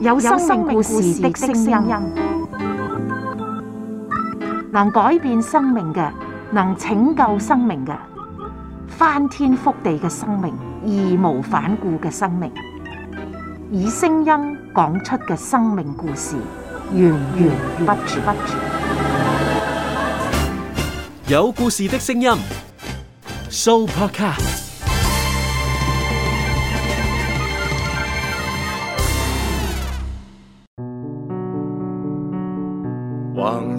有生命故事的聲音，能改變生命嘅，能拯救生命嘅，翻天覆地嘅生命，義無反顧嘅生命，以聲音講出嘅生命故事，源源不絕。有故事的聲音，Soul Podcast。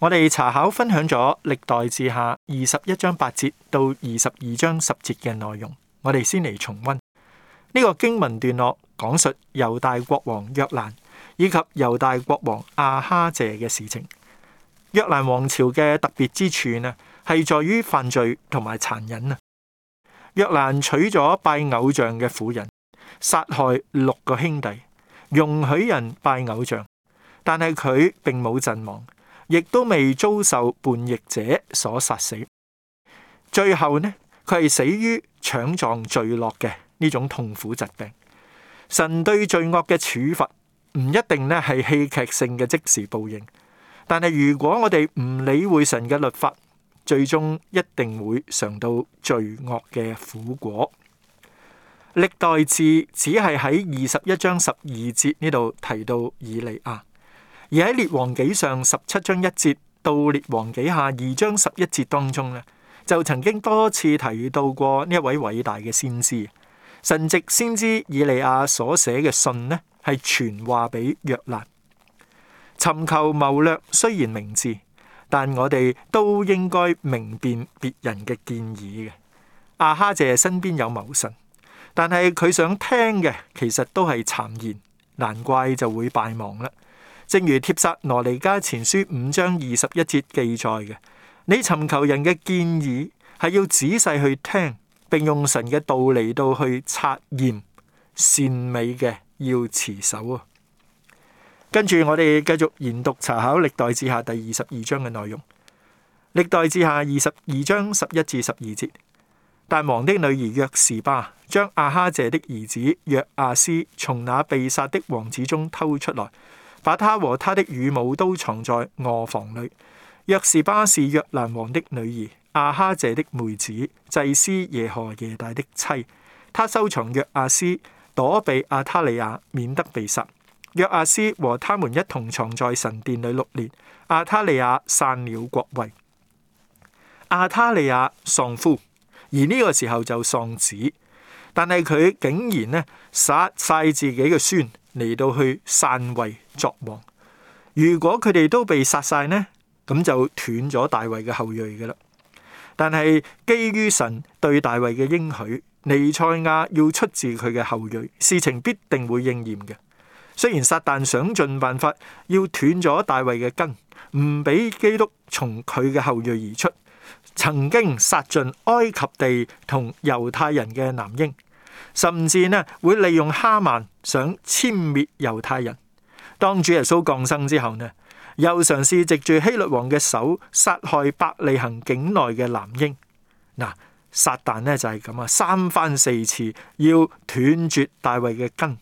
我哋查考分享咗歷代志下二十一章八節到二十二章十節嘅內容，我哋先嚟重溫呢、這個經文段落，講述猶大國王約蘭以及猶大國王亞哈謝嘅事情。約蘭王朝嘅特別之處呢，係在於犯罪同埋殘忍啊！約蘭娶咗拜偶像嘅婦人，殺害六個兄弟，容許人拜偶像，但係佢並冇陣亡。亦都未遭受叛逆者所殺死。最後呢，佢係死於腸臟墜落嘅呢種痛苦疾病。神對罪惡嘅處罰唔一定呢係戲劇性嘅即時報應，但係如果我哋唔理會神嘅律法，最終一定會嘗到罪惡嘅苦果。歷代志只係喺二十一章十二節呢度提到以利亞。而喺列王紀上十七章一節到列王紀下二章十一節當中咧，就曾經多次提到過呢一位偉大嘅先知、神蹟先知以利亞。所寫嘅信呢係傳話俾約蘭。尋求謀略雖然明智，但我哋都應該明辨別人嘅建議嘅。阿哈謝身邊有謀臣，但係佢想聽嘅其實都係讒言，難怪就會敗亡啦。正如帖撒羅尼加前書五章二十一節記載嘅，你尋求人嘅建議係要仔細去聽，並用神嘅道理到去察驗善美嘅，要持守啊。跟住我哋繼續研讀查考歷代志下第二十二章嘅內容。歷代志下二十二章十一至十二節，但王的女兒約士巴將阿哈謝的兒子約阿斯從那被殺的王子中偷出來。把他和他的乳母都藏在臥房裏。約士巴是約蘭王的女兒，亞哈謝的妹子，祭司耶何耶大的妻。他收藏約阿斯，躲避阿塔利亞，免得被殺。約阿斯和他們一同藏在神殿裏六年。阿塔利亞散了國位，阿塔利亞喪夫，而呢個時候就喪子，但係佢竟然呢殺晒自己嘅孫。嚟到去散位作王，如果佢哋都被殺晒呢，咁就斷咗大衛嘅後裔嘅啦。但係基於神對大衛嘅應許，彌賽亞要出自佢嘅後裔，事情必定會應驗嘅。雖然撒旦想盡辦法要斷咗大衛嘅根，唔俾基督從佢嘅後裔而出，曾經殺盡埃及地同猶太人嘅男嬰。甚至呢會利用哈曼想殲滅猶太人。當主耶穌降生之後呢，又嘗試藉住希律王嘅手殺害伯利恆境內嘅男嬰。嗱，撒旦呢就係咁啊，三番四次要斷絕大衛嘅根，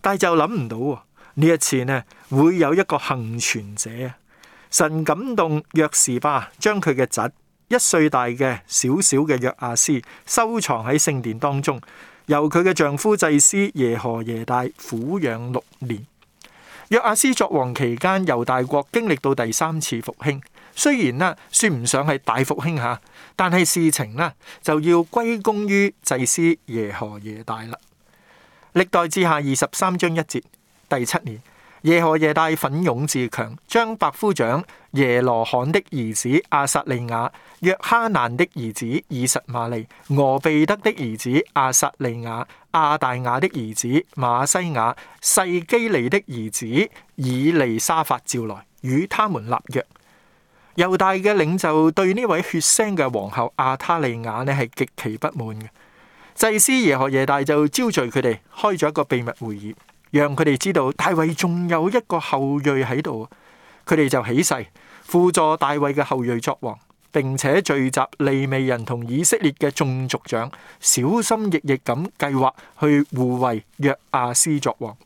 但係就諗唔到呢一次呢會有一個幸存者。神感動約示巴，將佢嘅侄一歲大嘅小小嘅約阿斯收藏喺聖殿當中。由佢嘅丈夫祭司耶何耶大撫養六年。約阿斯作王期間，猶大國經歷到第三次復興，雖然呢算唔上係大復興吓，但係事情呢就要歸功於祭司耶何耶大啦。歷代志下二十三章一節，第七年。耶何耶大奮勇自強，將百夫長耶羅罕的兒子阿撒利雅、約哈難的兒子以實瑪利、俄貝德的兒子阿撒利雅、亞大雅的兒子馬西亞、細基利的兒子以利沙法召來，與他們立約。猶大嘅領袖對呢位血腥嘅皇后亞他利亞呢係極其不滿嘅。祭司耶何耶大就招聚佢哋，開咗一個秘密會議。讓佢哋知道大衛仲有一個後裔喺度，佢哋就起誓，輔助大衛嘅後裔作王，並且聚集利未人同以色列嘅眾族長，小心翼翼咁計劃去護衛約亞斯作王。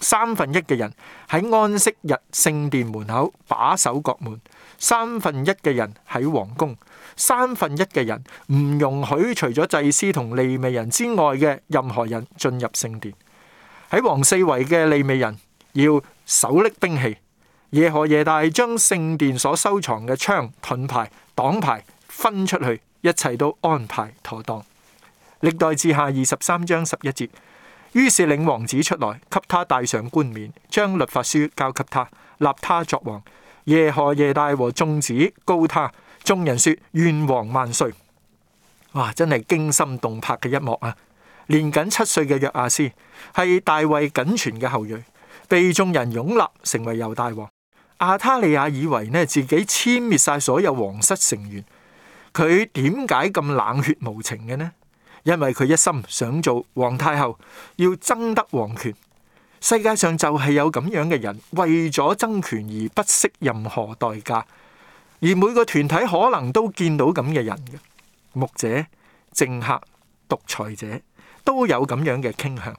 三分一嘅人喺安息日聖殿門口把守各門，三分一嘅人喺皇宮，三分一嘅人唔容許除咗祭司同利未人之外嘅任何人進入聖殿。喺王四圍嘅利未人要手拎兵器。耶何耶大將聖殿所收藏嘅槍、盾牌、擋牌分出去，一切都安排妥當。歷代志下二十三章十一節。於是領王子出來，給他戴上冠冕，將律法書交給他，立他作王。耶何耶大和眾子膏他，眾人說：願王萬歲！哇，真係驚心動魄嘅一幕啊！年僅七歲嘅約亞斯。係大衛僅存嘅後裔，被眾人擁立成為猶大王。亞他利亞以為呢，自己殲滅晒所有皇室成員，佢點解咁冷血無情嘅呢？因為佢一心想做皇太后，要爭得皇權。世界上就係有咁樣嘅人，為咗爭權而不惜任何代價。而每個團體可能都見到咁嘅人嘅，牧者、政客、獨裁者都有咁樣嘅傾向。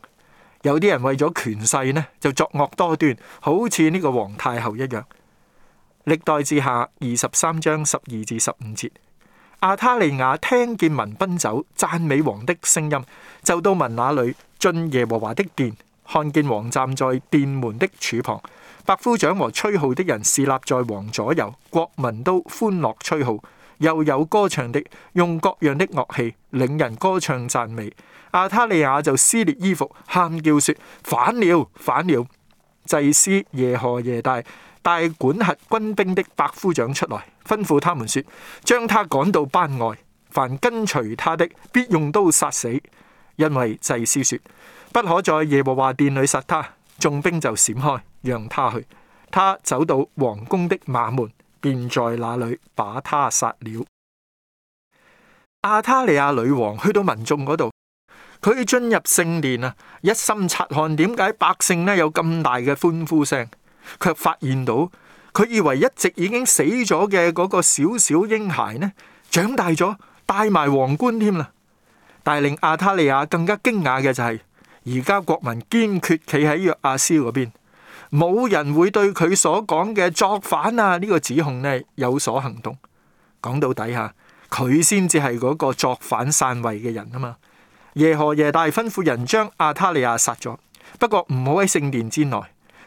有啲人為咗權勢呢，就作惡多端，好似呢個皇太后一樣。歷代志下二十三章十二至十五節，亞他利雅聽見民奔走讚美王的聲音，就到民那裏進耶和華的殿，看見王站在殿門的柱旁，百夫長和吹號的人侍立在王左右，國民都歡樂吹號，又有歌唱的用各樣的樂器，領人歌唱讚美。亞他利亞就撕裂衣服，喊叫說：反了，反了！祭司耶何耶大帶管轄軍兵的百夫長出來，吩咐他們說：將他趕到班外，凡跟隨他的，必用刀殺死。因為祭司說：不可在耶和華殿裏殺他。眾兵就閃開，讓他去。他走到王宮的馬門，便在那裏把他殺了。亞他利亞女王去到民眾嗰度。佢進入聖殿啊！一心察看，點解百姓咧有咁大嘅歡呼聲，卻發現到佢以為一直已經死咗嘅嗰個小小嬰孩呢長大咗，帶埋皇冠添啦。但係令阿塔利亞更加驚訝嘅就係，而家國民堅決企喺約阿斯嗰邊，冇人會對佢所講嘅作反啊呢個指控呢有所行動。講到底下，佢先至係嗰個作反篡位嘅人啊嘛。耶何耶大吩咐人將亞他利亞殺咗，不過唔好喺聖殿之內。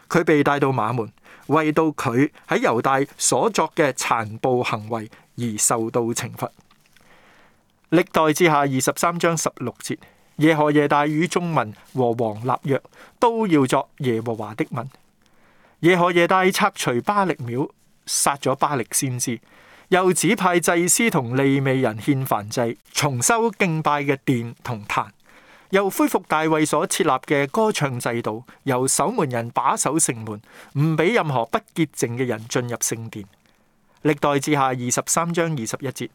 佢被帶到馬門，為到佢喺猶大所作嘅殘暴行為而受到懲罰。歷代志下二十三章十六節：耶何耶大與眾民和王立約，都要作耶和華的民。耶何耶大拆除巴力廟，殺咗巴力先知。又指派祭司同利未人獻燔祭，重修敬拜嘅殿同壇，又恢復大衛所設立嘅歌唱制度，由守門人把守城門，唔俾任何不潔淨嘅人進入聖殿。歷代志下二十三章二十一節，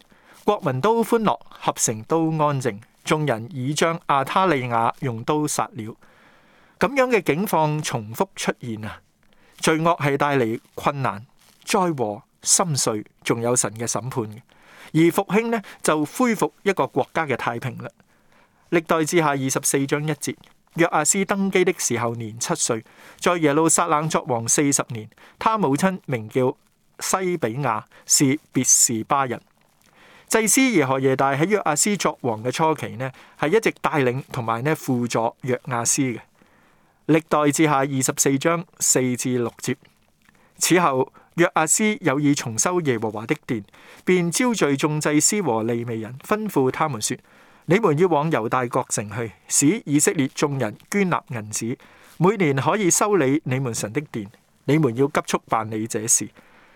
國民都歡樂，合城都安靜，眾人已將亞他利雅用刀殺了。咁樣嘅境況重複出現啊！罪惡係帶嚟困難、災禍、心碎。仲有神嘅審判，而復興呢就恢復一個國家嘅太平啦。歷代志下二十四章一節，約阿斯登基的時候，年七歲，在耶路撒冷作王四十年。他母親名叫西比亞，是別是巴人。祭司耶何耶大喺約阿斯作王嘅初期呢，係一直帶領同埋呢輔助約阿斯嘅。歷代志下二十四章四至六節，此後。約阿斯有意重修耶和華的殿，便召聚眾祭司和利未人，吩咐他們說：你們要往猶大各城去，使以色列眾人捐納銀子，每年可以修理你們神的殿。你們要急速辦理這事。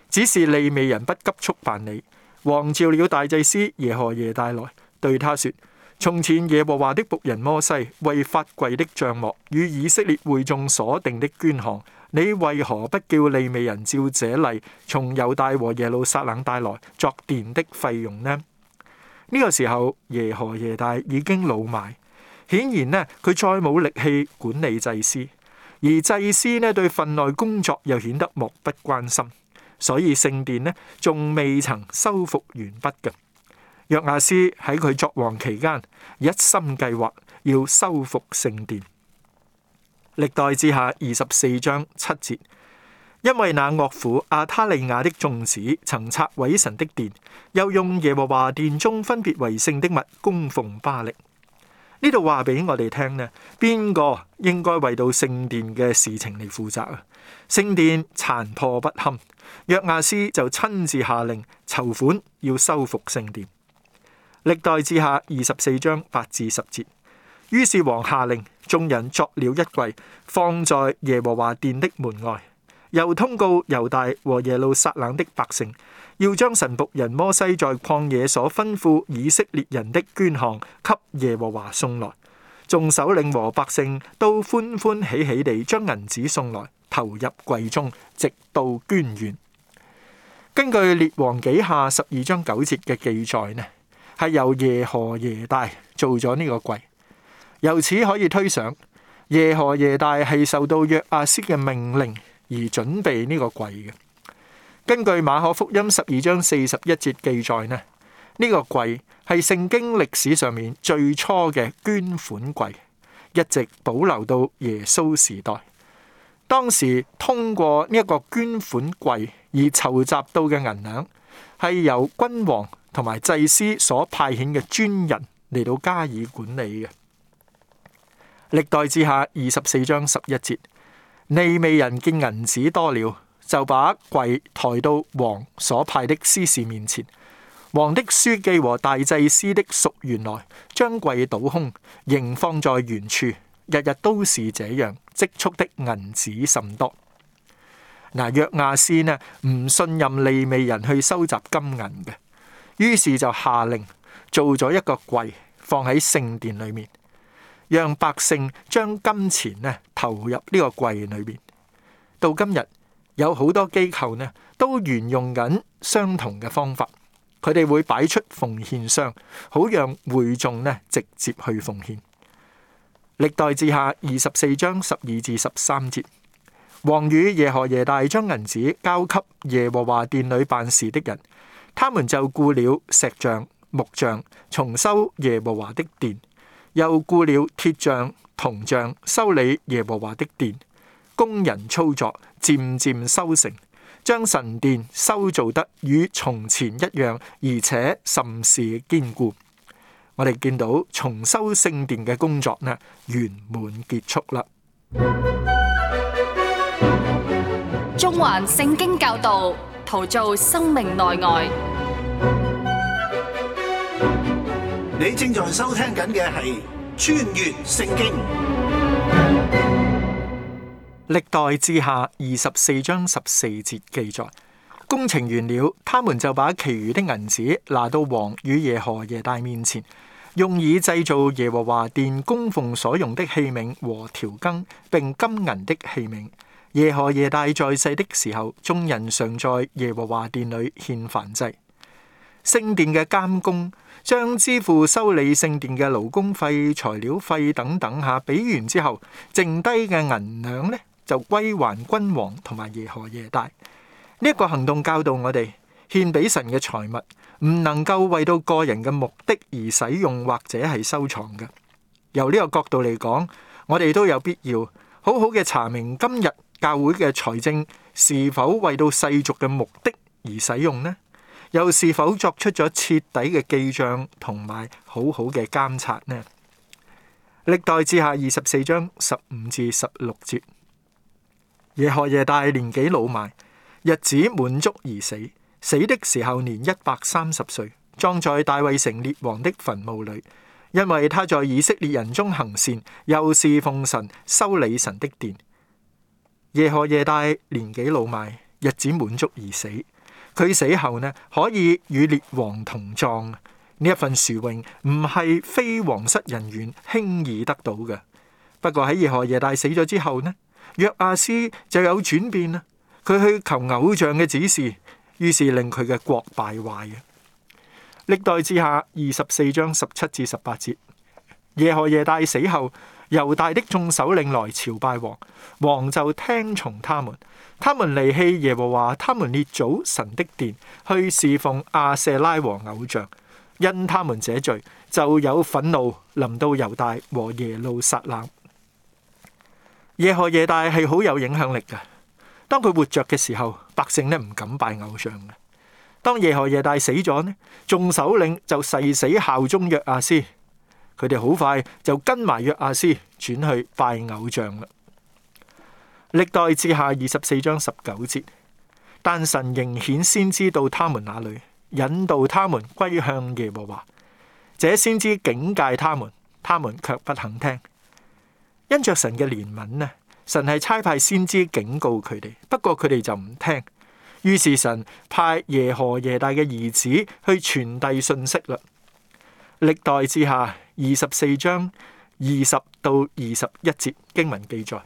只是利未人不急速辦理。王召了大祭司耶何耶大來，對他說：從前耶和華的僕人摩西為法櫃的帳幕與以色列會眾所定的捐項。你為何不叫利未人照這例，從猶大和耶路撒冷帶來作殿的費用呢？呢個時候，耶和耶大已經老邁，顯然呢佢再冇力氣管理祭司，而祭司呢對份內工作又顯得漠不關心，所以聖殿呢仲未曾修復完畢嘅。約亞斯喺佢作王期間，一心計劃要修復聖殿。歷代之下二十四章七節，因為那惡婦亞他利雅的眾子曾拆毀神的殿，又用耶和華殿中分別為聖的物供奉巴力。呢度話俾我哋聽咧，邊個應該為到聖殿嘅事情嚟負責啊？聖殿殘破不堪，約亞斯就親自下令籌款要修復聖殿。歷代之下二十四章八至十節。於是王下令，眾人作了一櫃，放在耶和華殿的門外。又通告猶大和耶路撒冷的百姓，要將神僕人摩西在曠野所吩咐以色列人的捐項，給耶和華送來。眾首領和百姓都歡歡喜喜地將銀子送來，投入櫃中，直到捐完。根據列王記下十二章九節嘅記載，呢係由耶何耶大做咗呢個櫃。由此可以推想，耶何耶大係受到約阿斯嘅命令而準備呢個櫃嘅。根據馬可福音十二章四十一節記載呢，呢、呢個櫃係聖經歷史上面最初嘅捐款櫃，一直保留到耶穌時代。當時通過呢一個捐款櫃而籌集到嘅銀兩，係由君王同埋祭司所派遣嘅專人嚟到加以管理嘅。歷代之下，二十四章十一節，利未人見銀子多了，就把櫃抬到王所派的司事面前。王的書記和大祭司的屬員來將櫃倒空，仍放在原處。日日都是這樣，積蓄的銀子甚多。嗱，約亞斯呢唔信任利未人去收集金銀嘅，於是就下令做咗一個櫃，放喺聖殿裏面。讓百姓將金錢呢投入呢個櫃裏面。到今日有好多機構呢都沿用緊相同嘅方法，佢哋會擺出奉獻箱，好讓會眾呢直接去奉獻。歷代志下二十四章十二至十三節：王與耶何耶大將銀子交給耶和華殿裏辦事的人，他們就雇了石匠、木匠，重修耶和華的殿。又僱了鐵匠、銅匠修理耶和華的殿，工人操作，漸漸修成，將神殿修造得與從前一樣，而且甚是堅固。我哋見到重修聖殿嘅工作呢，圓滿結束啦。中環聖經教導，陶造生命內外。你正在收聽緊嘅係《穿越聖經》，歷代志下二十四章十四節記載，工程完了，他們就把其餘的銀子拿到王與耶和耶大面前，用以製造耶和華殿供奉所用的器皿和調羹，並金銀的器皿。耶和耶大在世的時候，眾人常在耶和華殿裏獻燔祭。聖殿嘅監工。將支付修理聖殿嘅勞工費、材料費等等下，俾完之後，剩低嘅銀兩咧就歸還君王同埋耶何耶大。呢、這、一個行動教導我哋，獻俾神嘅財物唔能夠為到個人嘅目的而使用或者係收藏嘅。由呢個角度嚟講，我哋都有必要好好嘅查明今日教會嘅財政是否為到世俗嘅目的而使用呢？又是否作出咗徹底嘅記賬同埋好好嘅監察呢？歷代志下二十四章十五至十六節：耶何耶大年紀老邁，日子滿足而死，死的時候年一百三十歲，葬在大衛城列王的墳墓裏，因為他在以色列人中行善，又是奉神，修理神的殿。耶何耶大年紀老邁，日子滿足而死。佢死後呢，可以與列王同葬呢一份殊榮，唔係非皇室人員輕易得到嘅。不過喺耶何耶大死咗之後呢，約阿斯就有轉變啦。佢去求偶像嘅指示，於是令佢嘅國敗壞嘅。歷代志下二十四章十七至十八節，耶何耶大死後。猶大的眾首領來朝拜王，王就聽從他們。他們離棄耶和華，他們列祖神的殿，去侍奉亞舍拉和偶像。因他們這罪，就有憤怒臨到猶大和耶路撒冷。耶何耶大係好有影響力㗎。當佢活着嘅時候，百姓咧唔敢拜偶像嘅。當耶何耶大死咗呢，眾首領就誓死效忠約阿斯。佢哋好快就跟埋約阿斯轉去拜偶像啦。歷代志下二十四章十九節，但神仍遣先知到他們那裏，引導他們歸向耶和華，這先知警戒他們，他們卻不肯聽。因着神嘅憐憫呢，神係差派先知警告佢哋，不過佢哋就唔聽。於是神派耶何耶大嘅兒子去傳遞信息啦。歷代志下。二十四章二十到二十一節經文記載，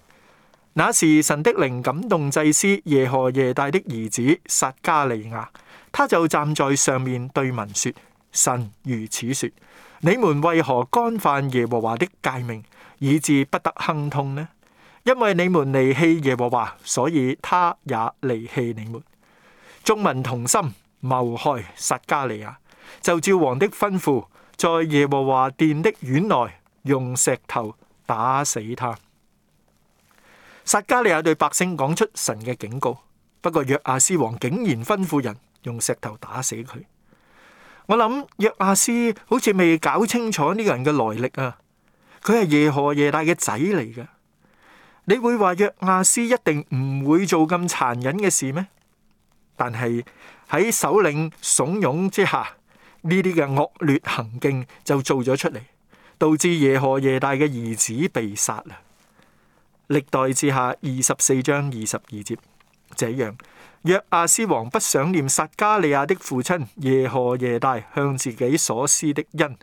那時神的靈感動祭司耶何耶大的兒子撒加利亞，他就站在上面對民說：神如此說，你們為何干犯耶和華的誡命，以致不得亨通呢？因為你們離棄耶和華，所以他也離棄你們。眾民同心謀害撒加利亞，就照王的吩咐。在耶和華殿的院內，用石頭打死他。撒加利亞對百姓講出神嘅警告，不過約亞斯王竟然吩咐人用石頭打死佢。我諗約亞斯好似未搞清楚呢個人嘅來歷啊！佢係耶何耶大嘅仔嚟㗎。你會話約亞斯一定唔會做咁殘忍嘅事咩？但係喺首領慫恿之下。呢啲嘅惡劣行徑就做咗出嚟，導致耶何耶大嘅兒子被殺啊！歷代志下二十四章二十二節，這樣約阿斯王不想念撒加利亞的父親耶何耶大向自己所施的恩，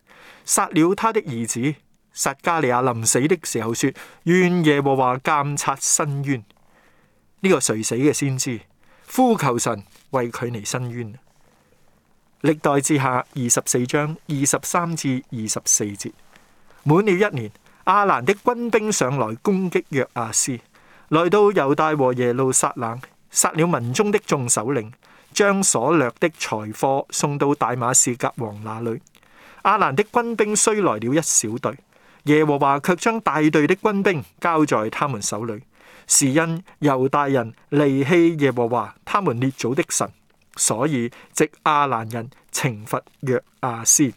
殺了他的兒子。撒加利亞臨死的時候說：願耶和華監察申冤。呢、這個誰死嘅先知，呼求神為佢嚟申冤。歷代志下二十四章二十三至二十四節，滿了一年，亞蘭的軍兵上來攻擊約阿斯，來到猶大和耶路撒冷，殺了民中的眾首領，將所掠的財貨送到大馬士革王那裏。亞蘭的軍兵雖來了一小隊，耶和華卻將大隊的軍兵交在他們手裏，是因猶大人離棄耶和華他們列祖的神。所以，即亞蘭人懲罰約亞斯，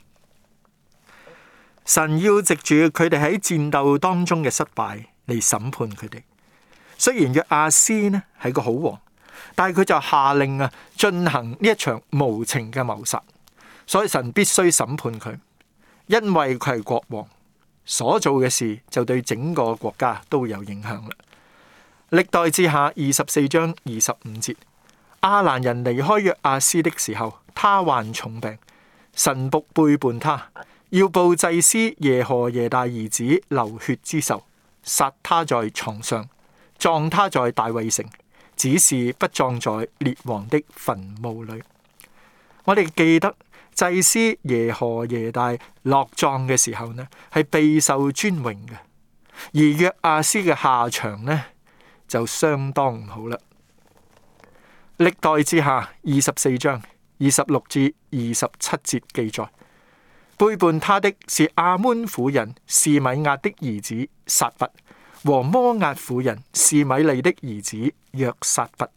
神要藉住佢哋喺戰鬥當中嘅失敗嚟審判佢哋。雖然約亞斯呢係個好王，但係佢就下令啊進行呢一場無情嘅謀殺，所以神必須審判佢，因為佢係國王，所做嘅事就對整個國家都有影響啦。歷代志下二十四章二十五節。亞蘭人離開約阿斯的時候，他患重病，神僕背叛他，要報祭司耶何耶大兒子流血之仇，殺他在床上，葬他在大衛城，只是不葬在列王的墳墓裏。我哋記得祭司耶何耶大落葬嘅時候呢，係備受尊榮嘅，而約阿斯嘅下場呢，就相當唔好啦。歷代志下，二十四章二十六至二十七節記載，背叛他的是亞捫婦人示米亞的兒子撒拔和摩押婦人示米利的兒子約薩拔。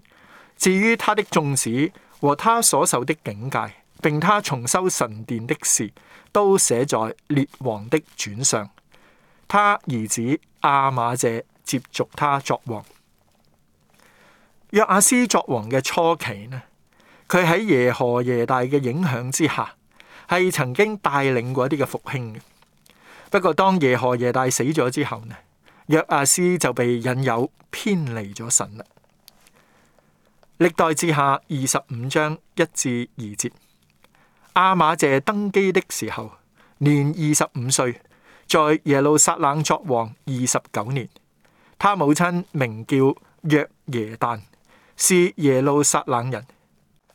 至於他的眾子和他所受的警戒，並他重修神殿的事，都寫在列王的傳上。他兒子亞瑪謝接續他作王。約亞斯作王嘅初期呢，佢喺耶何耶大嘅影響之下，係曾經帶領過一啲嘅復興嘅。不過當耶何耶大死咗之後呢，約亞斯就被引誘偏離咗神啦。歷代志下二十五章一至二節，亞瑪謝登基的時候，年二十五歲，在耶路撒冷作王二十九年。他母親名叫約耶旦。是耶路撒冷人。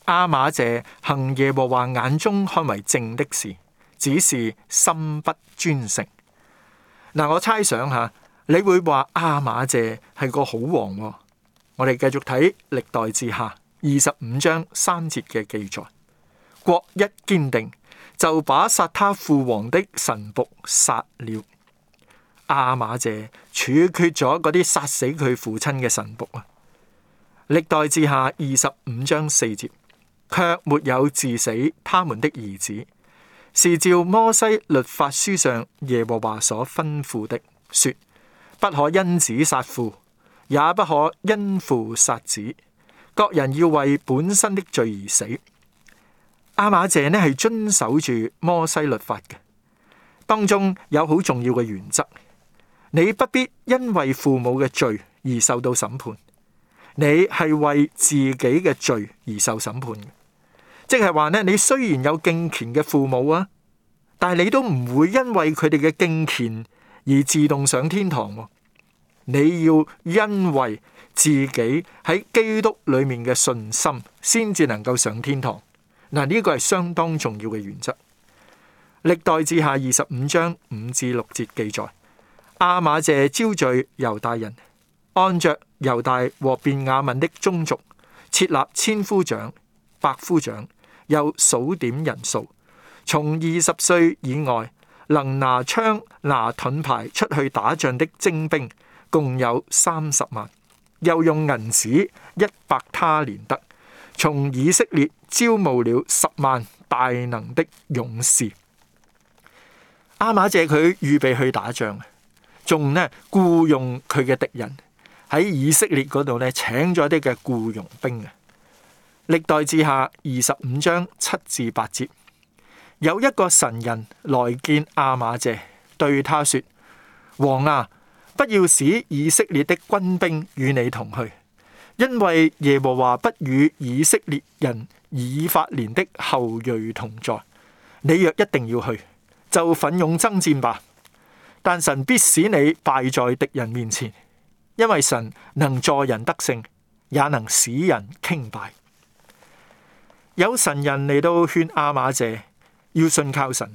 阿瑪謝行耶和華眼中看為正的事，只是心不專誠。嗱，我猜想下，你會話阿瑪謝係個好王喎。我哋繼續睇歷代志下二十五章三節嘅記載：國一堅定，就把殺他父王的臣僕殺了。阿瑪謝處決咗嗰啲殺死佢父親嘅臣僕啊！歷代志下二十五章四節，卻沒有治死他們的兒子，是照摩西律法書上耶和華所吩咐的，說不可因子殺父，也不可因父殺子，各人要為本身的罪而死。阿瑪謝呢係遵守住摩西律法嘅，當中有好重要嘅原則，你不必因為父母嘅罪而受到審判。你係為自己嘅罪而受審判嘅，即係話咧，你雖然有敬虔嘅父母啊，但係你都唔會因為佢哋嘅敬虔而自動上天堂。你要因為自己喺基督裏面嘅信心，先至能夠上天堂。嗱，呢個係相當重要嘅原則。歷代志下二十五章五至六節記載：阿瑪謝招聚猶大人。按着猶大和便雅憫的宗族，設立千夫長、百夫長，又數點人數。從二十歲以外能拿槍拿盾牌出去打仗的精兵，共有三十萬。又用銀子一百他連得，從以色列招募了十萬大能的勇士。阿瑪謝佢預備去打仗，仲呢僱傭佢嘅敵人。喺以色列嗰度咧，請咗啲嘅雇傭兵啊！歷代志下二十五章七至八節，有一個神人來見亞瑪謝，對他說：王啊，不要使以色列的軍兵與你同去，因為耶和華不與以色列人以法蓮的後裔同在。你若一定要去，就奮勇爭戰吧，但神必使你敗在敵人面前。因為神能助人得勝，也能使人傾敗。有神人嚟到勸阿馬謝要信靠神。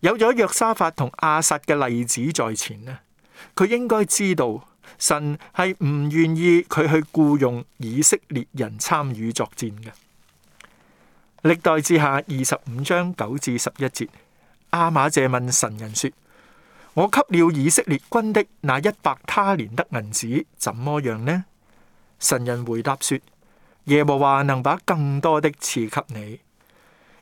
有咗約沙法同亞撒嘅例子在前呢，佢應該知道神係唔願意佢去僱傭以色列人參與作戰嘅。歷代志下二十五章九至十一節，阿馬謝問神人說。我給了以色列軍的那一百他連得銀子，怎麼樣呢？神人回答說：耶和華能把更多的賜給你。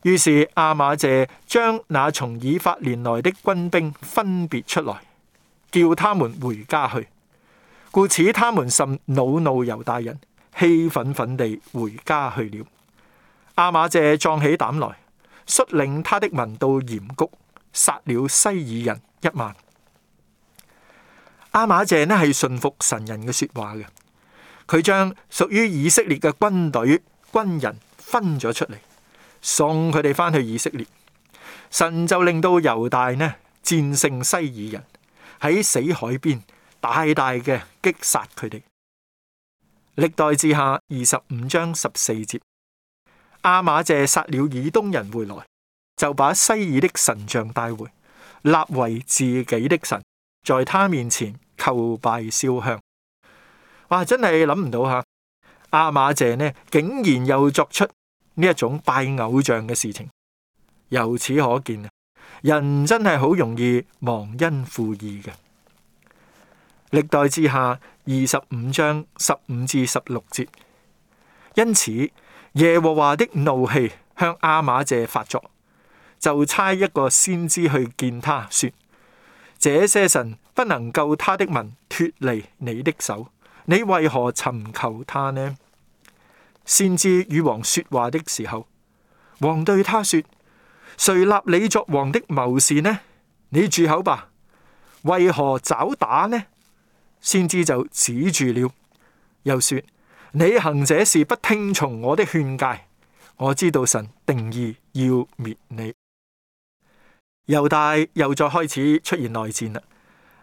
於是亞瑪謝將那從以法蓮來的軍兵分別出來，叫他們回家去。故此，他們甚惱怒猶大人，氣憤憤地回家去了。亞瑪謝壯起膽來，率領他的民到鹽谷，殺了西珥人。一萬，阿馬謝呢係信服神人嘅說話嘅，佢將屬於以色列嘅軍隊軍人分咗出嚟，送佢哋返去以色列。神就令到猶大呢戰勝西爾人，喺死海邊大大嘅擊殺佢哋。歷代志下二十五章十四節，阿馬謝殺了以東人回來，就把西爾的神像帶回立為自己的神，在他面前叩拜燒香。哇，真係諗唔到吓，亞瑪謝呢竟然又作出呢一種拜偶像嘅事情。由此可見人真係好容易忘恩負義嘅。歷代志下二十五章十五至十六節，因此耶和華的怒氣向亞瑪謝發作。就差一個先知去見他，說：這些神不能救他的民脫離你的手，你為何尋求他呢？先知與王說話的時候，王對他說：誰立你作王的謀士呢？你住口吧！為何找打呢？先知就止住了，又說：你行這事不聽從我的勸誡，我知道神定意要滅你。猶大又再開始出現內戰啦。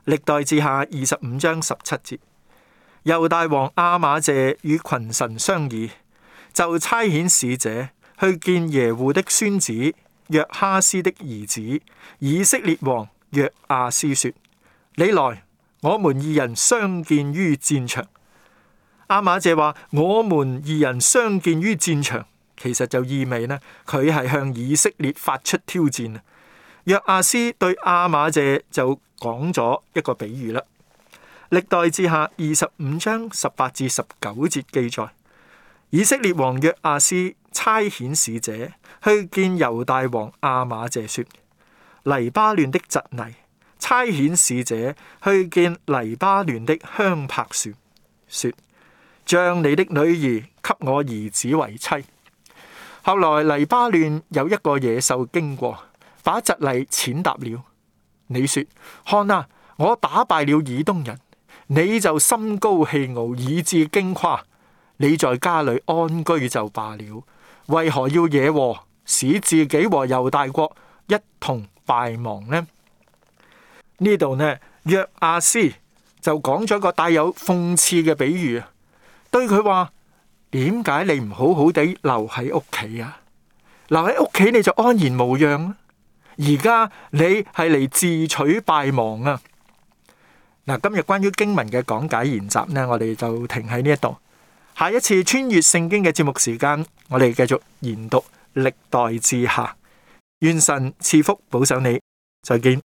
歷代志下二十五章十七節，猶大王阿瑪謝與群臣商議，就差遣使者去見耶戶的孫子約哈斯的兒子以色列王約阿斯說，說：你來，我們二人相見於戰場。阿瑪謝話，我們二人相見於戰場，其實就意味呢，佢係向以色列發出挑戰約阿斯對亞瑪謝就講咗一個比喻啦。歷代志下二十五章十八至十九節記載，以色列王約阿斯差遣使者去見猶大王亞瑪謝，說：黎巴嫩的蒺藜，差遣使者去見黎巴嫩的香柏樹，說：將你的女兒給我兒子為妻。後來黎巴嫩有一個野獸經過。把疾例淺答了。你說看啊，我打敗了以東人，你就心高氣傲，以致驚誇。你在家裏安居就罷了，為何要惹禍，使自己和猶大國一同敗亡呢？呢度呢，約亞斯就講咗個帶有諷刺嘅比喻，對佢話：點解你唔好好地留喺屋企啊？留喺屋企你就安然無恙而家你係嚟自取敗亡啊！嗱，今日關於經文嘅講解研習呢，我哋就停喺呢一度。下一次穿越聖經嘅節目時間，我哋繼續研讀歷代志下。願神賜福保守你，再見。